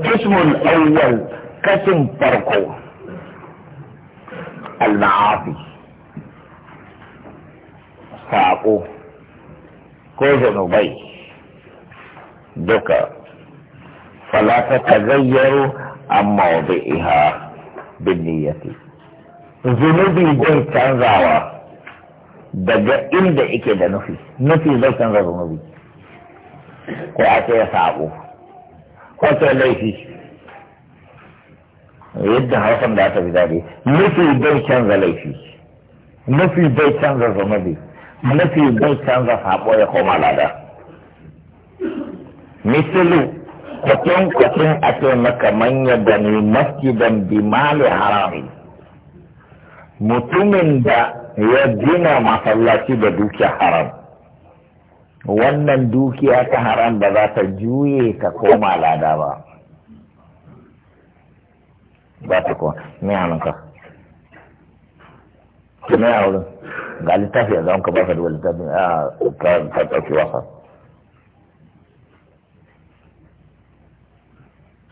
القسم الاول قسم فرقه المعافي فاقو كوزن بي دكا فلا تتغير عن موضعها بالنية ذنوبي جاي تنزعوا دجا اندئك دا نفي نفي لا تنزع ذنوبي قواتي فاقو kwace laifi yadda hausan da aka bi daɗi nufi bai canza laifi nufi bai canza zunubi nufi bai canza saɓo ya koma lada misalu kwacin kwacin a ce maka manya da ne masjidan mali harami mutumin da ya gina masallaci da dukiya haram wannan dukiya ta haram ba za ta juye ta koma lada ba ba ta koma mai hannunka kuma ya wurin ga littafi a an ba ka duba littafi a ta ɗauki wasa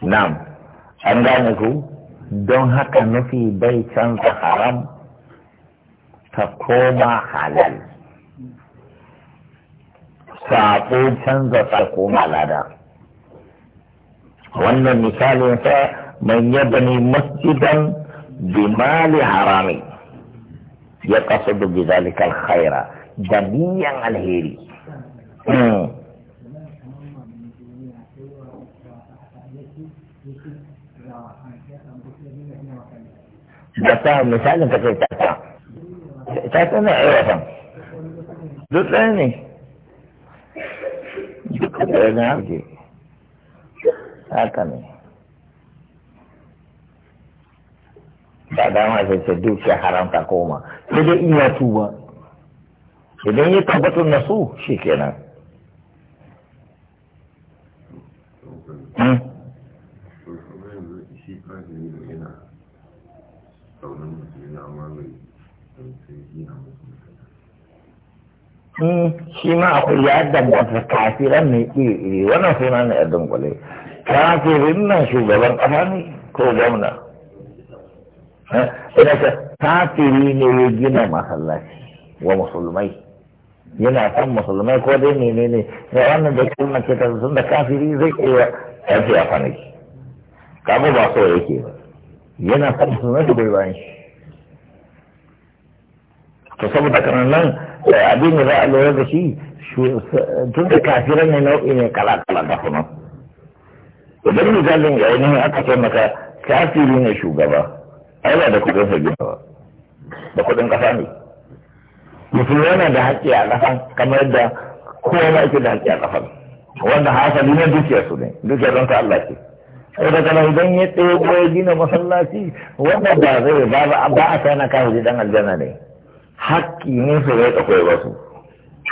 na'am an gane ku don haka nufi bai canza haram ta koma halal sabo canza sako malada wannan misalin sa man yabni masjidan bi mali harami ya kasu da zalika al khaira da biyan alheri da ta misalin ka kai ta ta ta na aiwatan duk ɗaya ne na haka ne ba dama sai ce dukiya haramta koma sai dai in tuba idan ya tabbatar na su shi kenan hmm? Hmm, shi ma akwai ya danganta kafiran ne ke iri wannan suna ne a dangwale kafirin nan shugaban ƙasa ne ko gwamna eh, ina ce kafiri ne ya gina masallaci wa musulmai yana kan musulmai ko dai ne ne ne wannan da kalmar ce ta sun da kafiri zai iya yanzu ya kwanaki kamu ba so yake ba yana kan musulmai da bai bayan shi to saboda kanan nan abin da za a lura da shi tun da kafiran ne nau'i ne kala-kala da kuma idan misalin ga wani aka ce maka kafiri ne shugaba ai ba da kudin sa ba, da kudin kasa ne mutum yana da haƙƙi a ƙasa kamar yadda kowa ma ake da haƙƙi a ƙasa. wanda hasali ne dukiyar su ne dukiyar don ta Allah ce sai daga nan idan ya tsaye gina masallaci wannan ba zai ba a a na kafiri dan aljanna ne haƙƙi ne su zai takwai wasu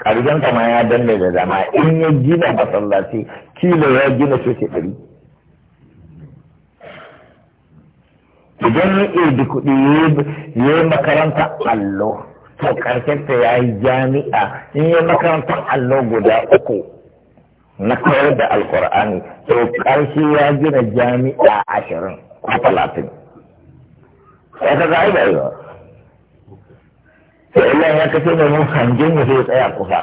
ƙarshen kama ya danne da zama in ya gina masallaci kilo ya gina ke ɗari idan ya ɗaiɗi kuɗi ya yi makaranta allo to ƙarshen ta ya yi jami'a in ya makaranta allo guda uku na koyar da alkur'ani to ƙarshe ya gina jami'a ashirin ko talatin ya ka ga ba da Allah ya kace da mun hangen mu sai tsaya kusa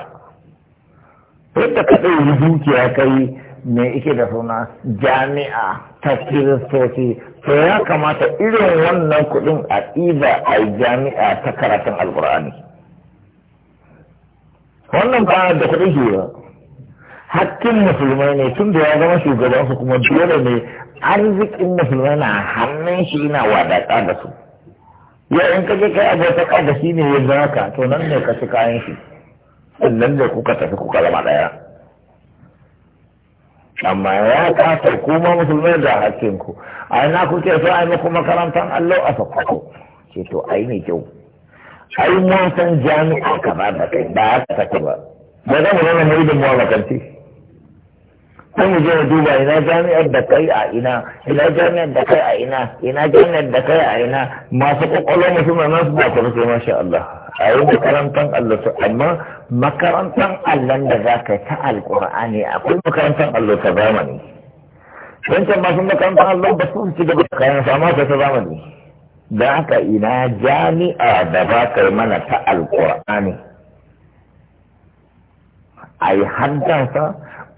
yadda ka ɗauki dukiya kai me ike da suna jami'a ta kiristoci to ya kamata irin wannan kuɗin a ɗiba a jami'a ta karatun alkur'ani wannan ba da kuɗin shi ba. hakkin musulmai ne tun da ya zama shugabansu kuma dole ne arzikin musulmai na hannun shi na wadaƙa da su ya in ka je kai abota ta da shi ne ya zama ka to nan ne ka ci kayan shi sannan da kuka tafi kuka zama daya amma ya kasa kuma musulmai da hakkin ku ai na kuke so ai muku makarantar allo a fakko ce to ai ne kyau ai mun san jami'a kaza da kai ba ta ba ba mu zama mai da mu sai mu je mu duba ina jami'ar da kai a ina ina jami'ar da kai a ina ina jami'ar da kai a ina masu mu mutum na su ba ku sai masha Allah a yi makarantar Allah su amma makarantar Allah da za ka ta alƙur'ani akwai makarantar Allah ta zamani wancan masu makarantar Allah ba su ci gaba da kayan sama ta ta zamani da aka ina jami'a da ba kai mana ta alƙur'ani a yi sa.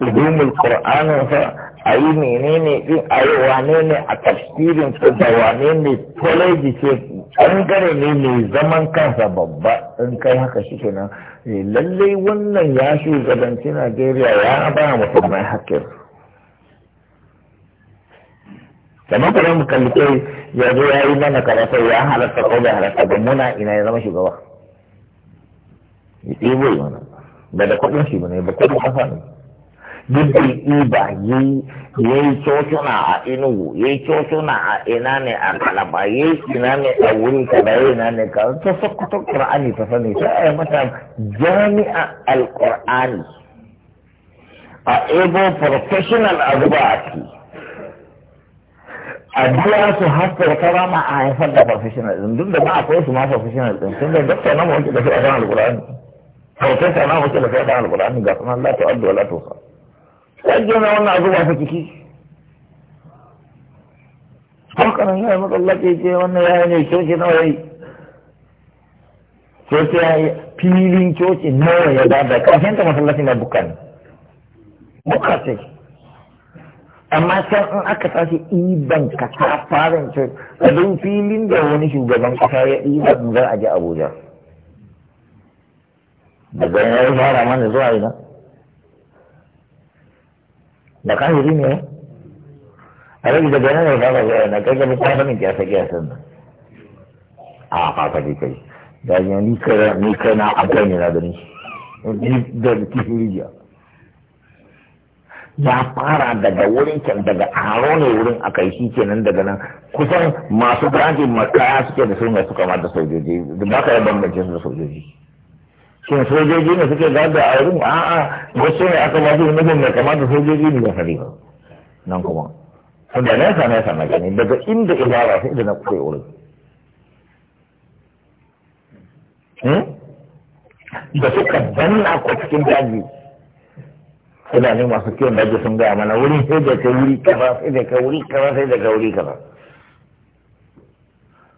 ulumul qur'anin fa a yi menene din a yi wane ne a tafsirin ko da wane ne kwaleji ce bangare ne ne zaman kansa babba in kai haka shi nan. Eh, lallai wannan ya shugabanci najeriya ya ba musulmai hakkin kamar kuma mu kalli kai ya zo ya yi mana karatu ya halatta ko bai halatta ba muna ina ya zama shugaba ya ɗebo mana ba da kuɗin shi ba ne ba kuɗin ƙasa ne jirgin ba yi ya yi cocona a inugu ya yi cocona a ina ne a kalaba ya yi ina ne a wuri kada ya ina ne ka ta sokoto ƙar'ani ta sani ta ai mata jami'a alqur'ani a ebo professional a zuba a ci. a biya su haskar ta rama a haifar da professional din duk da ba kai su ma professional din sun da dokta na mu da su a kan alqur'ani professor na mu da su a kan alqur'ani ga kuma Allah ta'addu wa la tusa sai gina wannan abu ba ciki hankalin ya yi ya ce wannan ya ne coci nawa yi coci ya yi filin coci nawa ya ba da ƙarshen ta matsalaka na bukan buka amma can in aka tashi iban ka ta fara coci a don filin da wani shugaban kasa ya iban za a je abuja daga ya fara mana zuwa idan da kahiri ne a rage da yana da kama zai na kai gani kwanan kyasa kyasan nan a kafa kai kai da yi ni kai ni kai na akwai ne na gani da kihiri ya ya fara daga wurin can daga aro ne wurin aka yi shi kenan daga nan kusan masu branching makaya suke da su ne suka mata sojoji ba ka yi bambancin su da sojoji shin sojoji ne suke gada a wurin a'a wasu ne aka ba na nufin mai kamata sojoji ne ba fari nan kuma tunda nesa nesa na gani daga inda ibara sai da na kuɗe wurin hmm? da suka danna ko cikin daji ne masu kiwon daji sun gaya mana wurin sai da ka wuri kaza sai da ka wuri kaza sai da ka wuri kaza.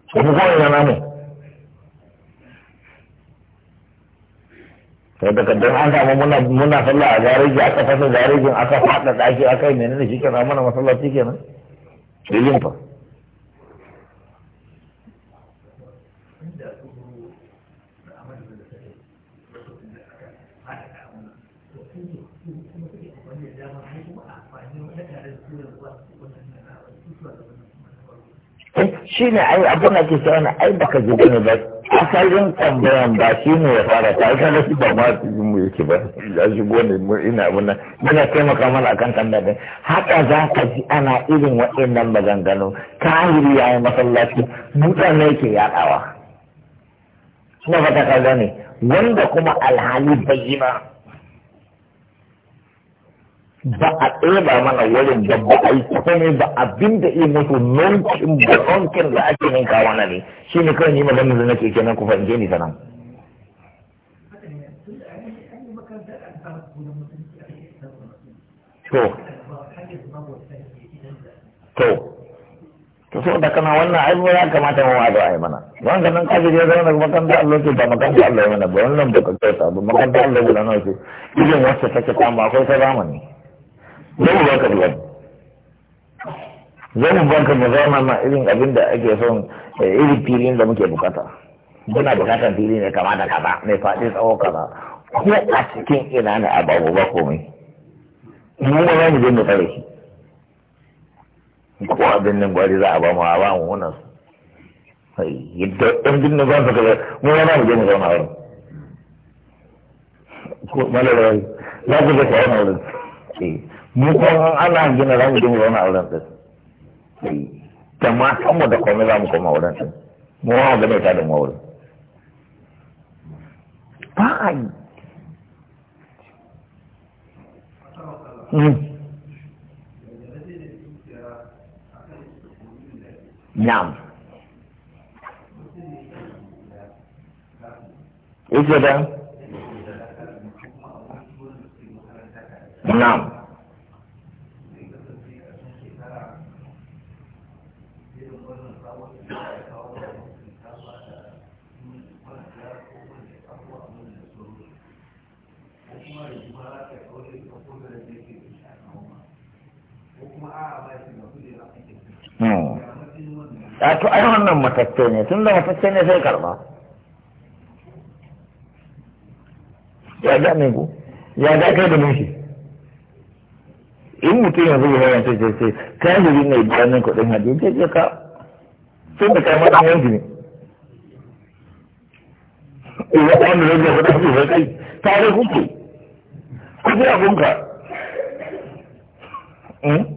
Kuma kawai na namu. sai daga don an samu muna muna sallah a gareji aka fasa garejin aka fada daki aka yi menene shi kenan mana masallaci kenan rijin fa eh, shi ne ai abin da ke sa wani ai baka ji ba asalin tambayan ba shi ne ya fara ta aka da ba ma mu yake ba ya shigo ne mu ina muna muna taimaka mana akan tambayar haka za ka ji ana irin waɗannan maganganu kahiri ya yi masallaci mutane ke yaɗawa suna fata ka gane wanda kuma alhali bayyana ba a ɗeba mana wajen da ba a yi komai ba abin da iya mutu nonkin ba nonkin da ake kawo na ne shi ne kawai nima magana da nake kenan ku fahimce ni sanan. To, to, to so da kana wannan ai ya kamata mu wado ai mana wannan nan kaji da zama daga makanta Allah ke ba makanta Allah ya mana ba wannan ba ka kauta ba makanta Allah ya mana ce idan wacce take kama akwai ta zamani zan ba ka duwan zan ba ka mu zauna ma irin abin da ake son eh, irin filin da muke bukata muna bukatan fili ne kama da kaza mai faɗi tsawo kaza ko a cikin ina ne a babu ba komai mu ma zamu mu je mu tsare shi ko abin nan gwari za a ba mu a ba mu wannan yadda ɗan binnin ba su kaza mu ma zamu mu je mu zauna wurin ko malarai za ku ka wurin eh. mu ko ana gina za mu dinga wani auren din da matanmu da komai za mu koma auren din mu wa ga mai ta da mawuri ba a yi hmm. Na'am. Ike da? Na'am. ya to ai wannan matacce ne tun da matacce ne sai karba ya ga ne ku ya ga kai da mushi in mutum yanzu ya yanzu ce ce kai da ne mai bayanin kuɗin hajji ce ce ka tun da kai matan yanzu ne eh, ya wani rage kuɗin hajji sai kai kuke ya abunka hmm?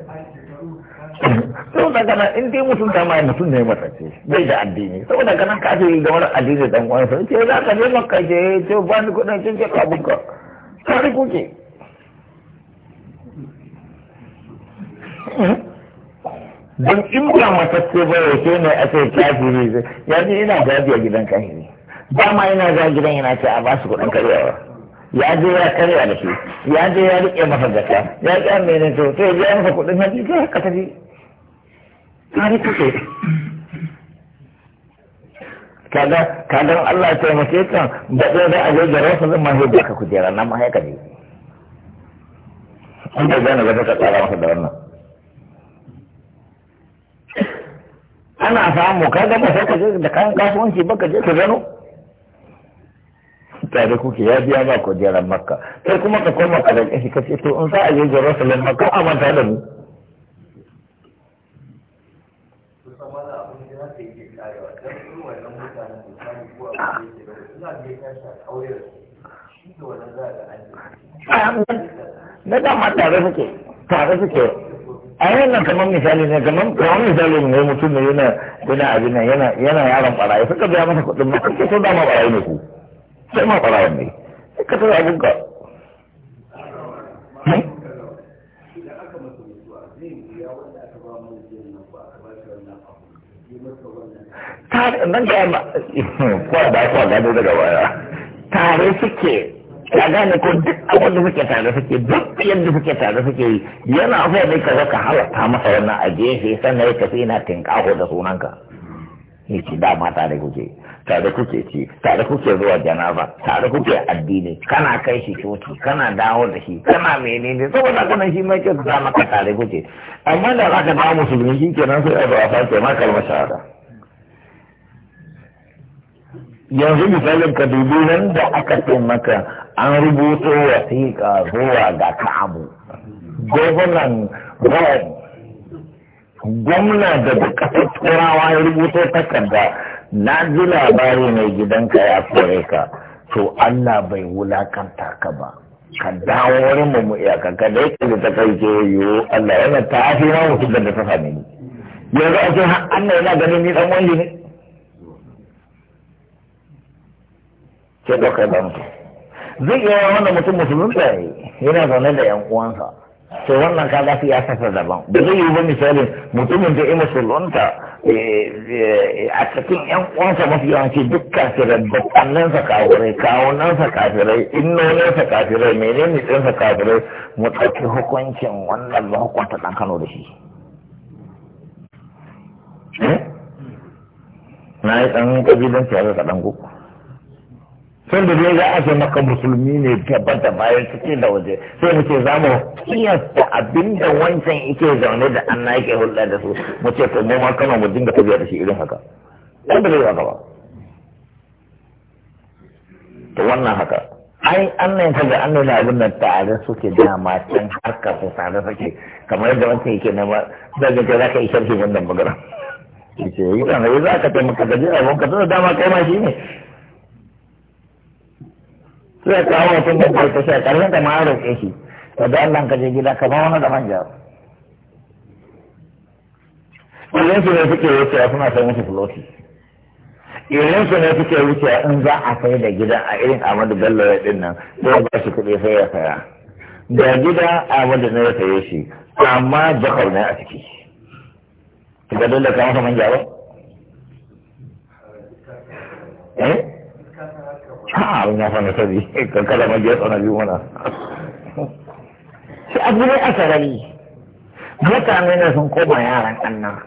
da gana in dai mutum ta mai mutum ne ce bai da addini saboda kana ka ce da wani addini dan uwan sa ce za ka je makka je ce ba ni kudin cin ce ka buka tare kuke Dan in ba ce ba ya ce ne a ce kafiri ya ji ina ga a gidan kafiri ba ma ina ga gidan yana ce a ba su kudin karyawa ya je ya karya da shi ya je ya rike masa gasa ya ƙi amene to to ya biya masa kudin hajji ka tafi tare kuke kada kada Allah ya taimake ka da sai da aje da rasa zan mahi da ka kujera nan mahi ka ne an da gane ga ka tsara masa da wannan ana samu ka ba sai ka je da kan kasuwanci ba ka je ka gano tare kuke ya biya ba kujerar makka sai kuma ka koma ka da kashi ka ce to in za a je jerusalem makka a manta da mu na dama tare suke tare suke a yana kamar misali ne kamar kamar misali ne mutum ne yana yana abin nan yana yana yaron barayi suka biya masa kuɗin ma kake so dama barayi ne ku sai ma barayi ne sai ka tura abin ka ta hmm? nan ga kwa da kwa gado daga baya tare suke ya gane ko duk abin da suke tare suke duk yadda suke tare suke yi yana so ne ka zaka halatta masa wannan a gefe sannan ya kafi yana tinkaho da sunanka ya ci dama tare kuke tare kuke ci tare kuke zuwa janaba tare kuke addini kana kai shi coci kana dawo da shi kana menene saboda kana shi mai kyau zama maka tare kuke amma da za ka dawo musulmi shi kenan sai a ba a ma kalmar shahada yanzu misalin ka dubi nan da aka ce maka an rubuto wasiƙa zuwa ga ka'abu gwamnan rome gwamna da ƙasar turawa ya rubuto takarda na ji labari mai gidanka ya kore ka to allah bai wulakanta ka ba ka dawo wurin mu mu iyaka ka da yake da ta kai ke yiwu allah yana ta afi ma da ta sami ni yanzu a ce har yana ganin ni dan wani ne sai ɗaukar da zai iya yawan wanda mutum musulun da yana zaune da yan uwansa sai wannan ka ga siyasarsa daban ba zai yi ba misalin mutumin da ya musulunta eh, eh, a cikin yan uwansa mafi yawanci duk kafirai sa kafirai kawunansa kafirai innoninsa kafirai menene ɗinsa kafirai mu ɗauki hukuncin wannan ba hukunta ɗan kano da shi eh? na yi ɗan ƙabilanci ya ga ɗan kuku sun da zai za ce maka musulmi ne gaba da bayan cikin da waje sai mu ce za mu kiyasta abin da wancan ike zaune da an na yake hulɗa da su mu ce ko mu ma kama mu dinga tafiya da shi irin haka ɗan da zai haka ba to wannan haka ai an nan ga an nuna abin da tare suke dama can harka su tare suke kamar yadda wancan yake na ba daga ce za ka yi sharhi wannan magana ce yi ɗan za ka taimaka da jiragen ka tuna dama kai ma shi ne sai kawo mutum da kwalta sai karshen da ma roƙe shi to da Allah ka je gida ba wani da manja irin su ne suke wucewa suna sai musu floti irin su ne suke wucewa in za a sai da gida a irin Ahmadu Bello ya din nan zai ba shi kuɗi sai ya saya da gida Ahmadu ne ya saye shi amma jakar ne a ciki ga dole ka masa manja ba eh Abin ya fa na kada ma shi abu ne a sarari mutane ne sun koma yaran annan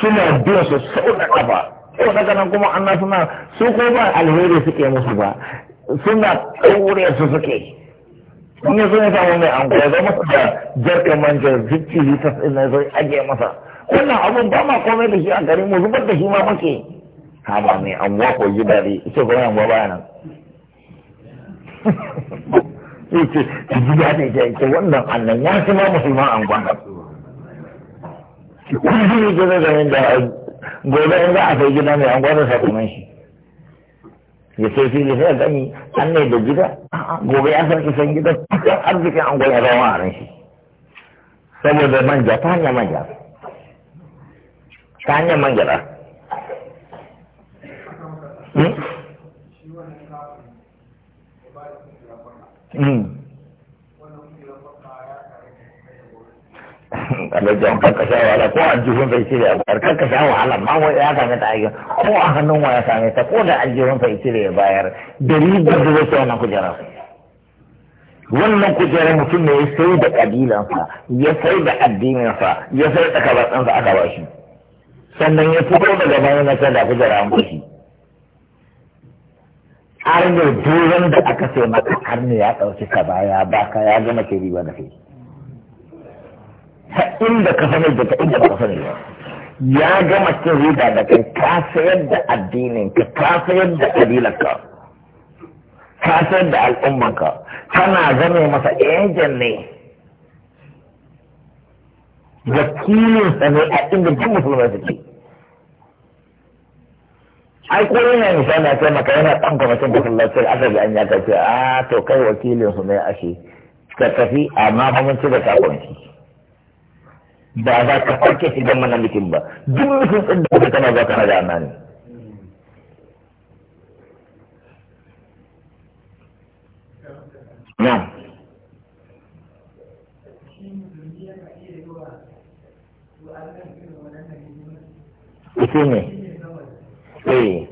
suna biyan su sau da kafa sau da kanan kuma annan suna su ko ba alheri suke musu ba suna ɗaure su suke in yi samu mai an kuwa zama su da jarkin manjar zikki litas zai ajiye masa wannan abun ba ma komai da shi a garin mu zubar da shi ma muke haba mai anguwa ko ji daɗi ita kuma anguwa nan ita ta ji daɗi ita ita wannan annan ya fi ma musulman anguwa nan kun ji gina da da gobe in za a kai gida mai anguwa da sakunan shi ya sai fili sai gani an ne da gida gobe ya san isan gida cikin arzikin anguwa ya zama a ran shi saboda manja ta hanyar manja ta hanyar manja jan kanka sha wahala ko aljihun bai cire ya bayar kanka sha wahala ma wai ya same ta aikin ko a hannun wa ya same ta ko da aljihun bai cire ya bayar da ribar da zai wannan kujerar wannan kujerar mutum ne ya sai da kabilansa ya sai da addininsa ya sai da kabarsansa aka ba shi sannan ya fito daga bayan na da kujera an bashi har da duran da aka ce maka har ne ya ɗauki ka baya baka ya gama ke riba da kai ta inda ka sanar da ka inda ba ka sanar da ya gama ke riba da kai ka sayar da addinin ka ka sayar da kabilar ka ka sayar da al'umman ka kana zame masa ejen ne wakilinsa ne a inda duk musulmai suke ai ko yana misali a ce maka yana ɗan kwamitin masallacin aka ga an ya kace a ah, to kai wakilin su ne ashe ka tafi amma fa mun ci da kakonci ba za ka farke shi don mana mutum ba duk mutum ɗin da ka kana za ka hada ana ne na ita ne Eh.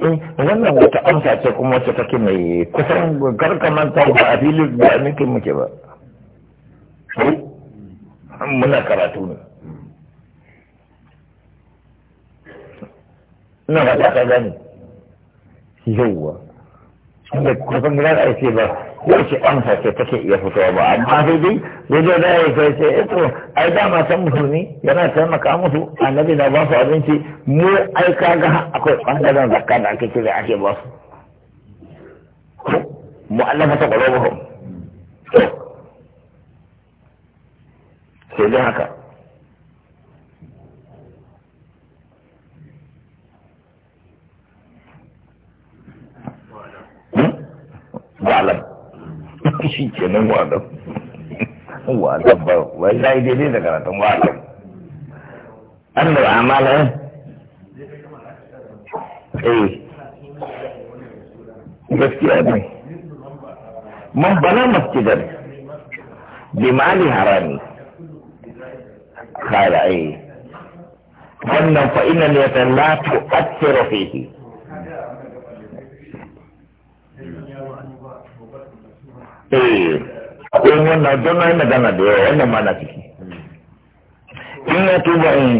Eh, wannan wata amsa ce kuma wacce take mai kusan ta ba a filin da nake muke ba eh, muna karatu ne ina ba ta gani yauwa da kusan gudanar ake ba yake ɗan ce take iya fito ba amma sai dai wajen da ya kai ce eh to ai da san musulmi yana taimaka musu annabi na ba su abinci mu ai ga akwai ɓangaren zakka da ake kira ake ba su mu allafa ta qulubuhum sai dai haka wa'alam hmm? shi kenan wadon wadon ba wai ya yi daidai da karatun wadon an da amala eh, eh. gaskiya ne man bana masjidar bimali harami kala eh wannan fa'ina ne ta la tu'athiru fihi eh akwai wannan don na yi magana da yawa wannan ma ciki in ya tuba in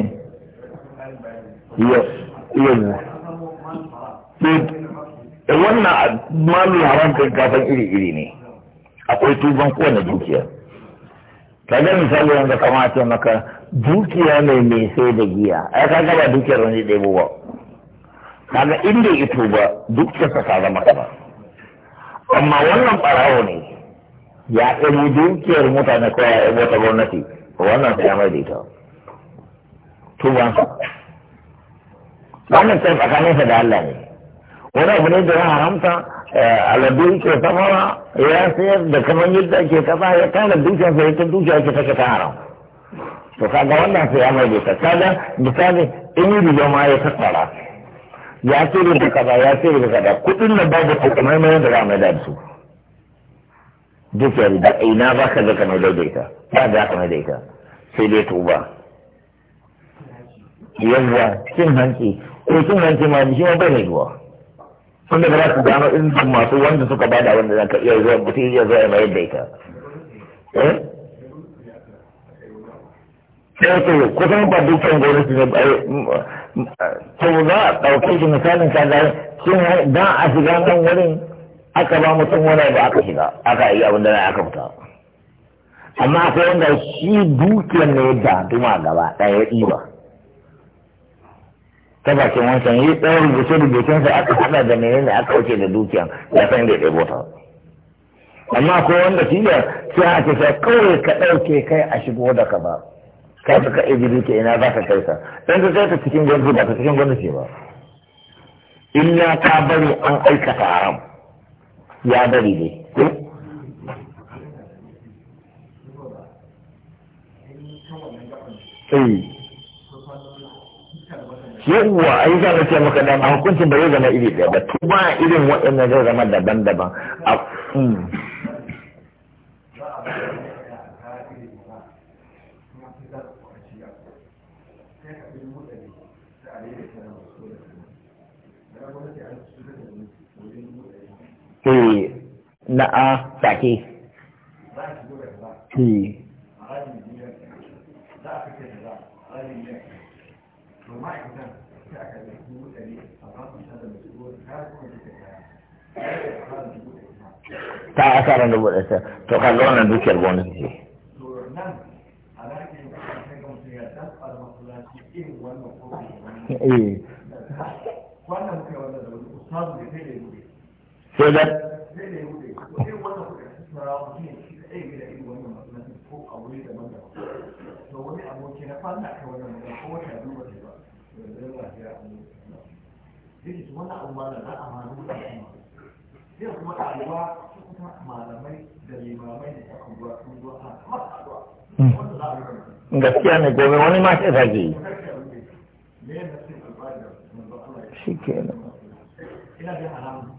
yes yes eh, wannan malu haram kai kafan iri-iri ne akwai tuban kowane dukiya ka ga misali wanda kamata maka dukiya ne mai sai da giya ai ka ba dukiyar wani ɗaya ba kaga inda ito ba dukiyarsa ta zama ba amma wannan ɓarawo ne ya ɗari dukiyar mutane ko ya yi ta gwamnati wannan sai ya mai da ita tubansa wannan sai sa da Allah ne wani abu ne da ya haramta eh, aladu ke samara ya sayar da kamar yadda ke kasa ya kana dukiyar sai ta dukiya ke take ta haram to kaga wannan sai ya mai da ita kaga misali in riga ma ya tattara ya sayar da kaza ya sayar da kaza kuɗin nan babu ko kamar mai da za mai da su duk da ina ba ka zaka na daidaita ba da aka mai daidaita sai dai tuba yawwa cin hanci ko cin hanci ma shi ma bai haihuwa tunda ba za su gano in masu wanda suka da wanda zaka iya zuwa mutum iya zuwa mai daidaita eh to kusan ba dukkan gwamnati ne ba mm, mm, mm, to za a ɗauke shi misalin kaza shin da a shiga nan wurin aka ba mutum wani abu aka shiga aka yi abin da aka fita amma akwai wanda shi dukiyar ne da duma gaba ɗaya ya ɗiba ta bakin wancan yi tsawon rubuce rubucensa aka haɗa da menene aka wuce da dukiyar ya san da ya ɗaya bota amma ko wanda shi da sai a ce kawai ka ɗauke kai a shigo da ka ba ka fi ka ejiri ke ina za ka kai sa dan ka kai ta cikin gwamnati ba ka cikin gwamnati ba illa ta bari an aikata haram ya bari dai eh. yawwa ai za ka ce maka dama hukuncin ba zai zama iri ɗaya ba tuba irin waɗannan zai zama daban-daban hmm. a sake hmm. ta asarar dubu ta. to ka ga wannan dukiyar bonus ce eh. sai da nasarawa mutum ya gida wannan ko a wuri to wani aboki na kwana a kan ko wata ba da zai lafiya a yake su za a ma kuma ɗaliba su kuma malamai da limamai da aka sun zuwa a gaskiya ne gobe wani ma ce zage yi shi ina da haramun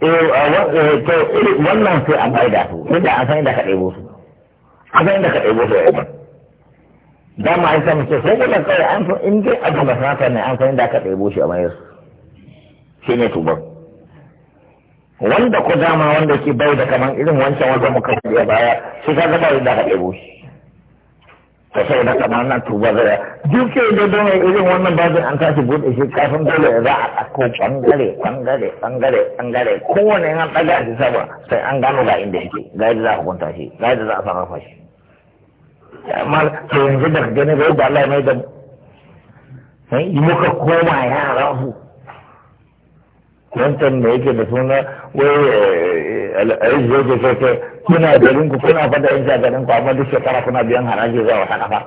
Eh, eh to wannan sai an bai da su duk da an san inda ka ɗebo su an san inda ka ɗebo su ya eh. da ma an san ce sai wannan kawai an san in dai abin ba sanata ne an san inda ka ɗebo shi a mayar shi ne tuban wanda ko dama wanda ke bai da kaman irin wancan wanda muka faɗi a baya shi ka gaba da ka ɗebo shi ka sai da kananan tuba zaya ya sai da don irin wannan bazin an tashi bude shi kafin dole za a ɗauko ɓangare ɓangare ɓangare ɓangare kowane an ɗaga shi saba sai an gano ga inda yake ga yadda za a hukunta shi ga yadda za a sarrafa shi amma to yanzu da gani ga yadda Allah ya mai da Sai yi muka koma yara su wancan da yake da suna wai zai ke sai kuna garin ku kuna fada in sha garin ku amma duk shekara kuna biyan haraji zuwa wata kafa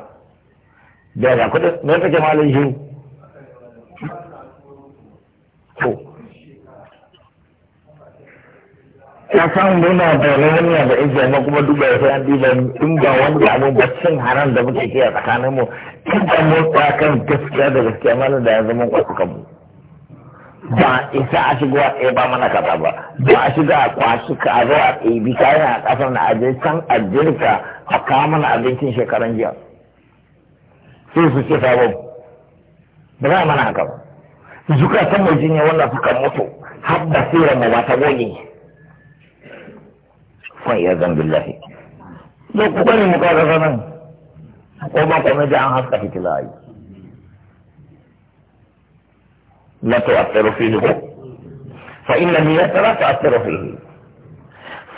da ga kudin ne kake malin shi to Ya san muna da raniya da ijiya na kuma duba ya sai an diba in ba wani abu ba cin haram da muke kiyaye tsakanin mu in ba mu kan gaskiya da gaskiya malam da ya zama kwasu kanmu ba isa a shigo a ba mana kaza ba ba a shiga a kwashi ka a zo a ɗebi kayan a ƙasar na aje can a jirka a kawo mana abincin shekaran jiya sai su ce sabon ba za a mana haka ba san mai jinya wannan suka mutu har da sirar mu ba ta goge fa ya zan billahi zo ku bari mu kawo nan ko ba kuma da an haska fitila yi لا تؤثر فيه هو فإن لم لا تؤثر فيه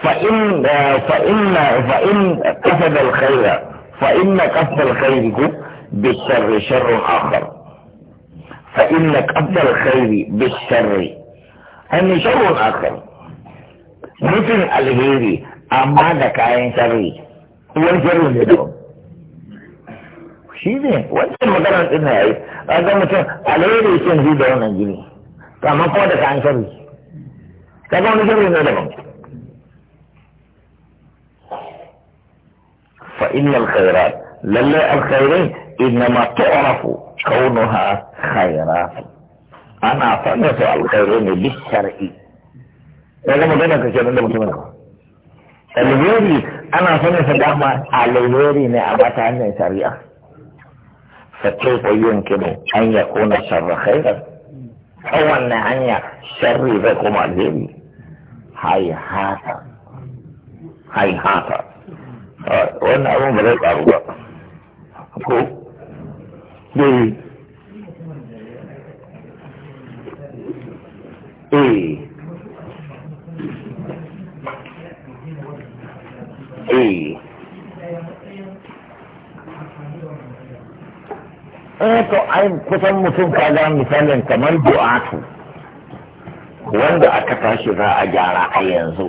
فإن فإن فإن قصد الخير فإن قصد الخير بالشر شر آخر فإن قصد الخير بالشر أن يعني شر آخر مثل الهيري أما دكاين شري هو شر اللي shi ne wancan magana din na yayi a ga mutum alheri yake nufi da wannan gini to amma kuma da kayan sharri ka ga wani sharri ne daban fa innal khairat lalle alkhairai innama tu'rafu kaunuha khairat ana sanin su alkhairai ne bi shar'i ya ga magana ka kenan da mutumin ka alheri ana sanin sa dama alheri ne a mata hanyar shari'a فكيف يمكن أن يكون الشر خيرا أو أن أن شر بكم الذل هاي هاتا هاي هاتا وأنا اقوم ملك أرضا أقول ايه إيه إيه eh to ai kusan mutum ka ga misalin kamar du'atu wanda aka tashi za a gyara a yanzu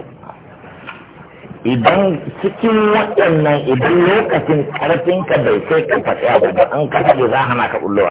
idan cikin waɗannan idan lokacin karfinka bai kai ka faɗi abu ba an ka za hana ka ɓullowa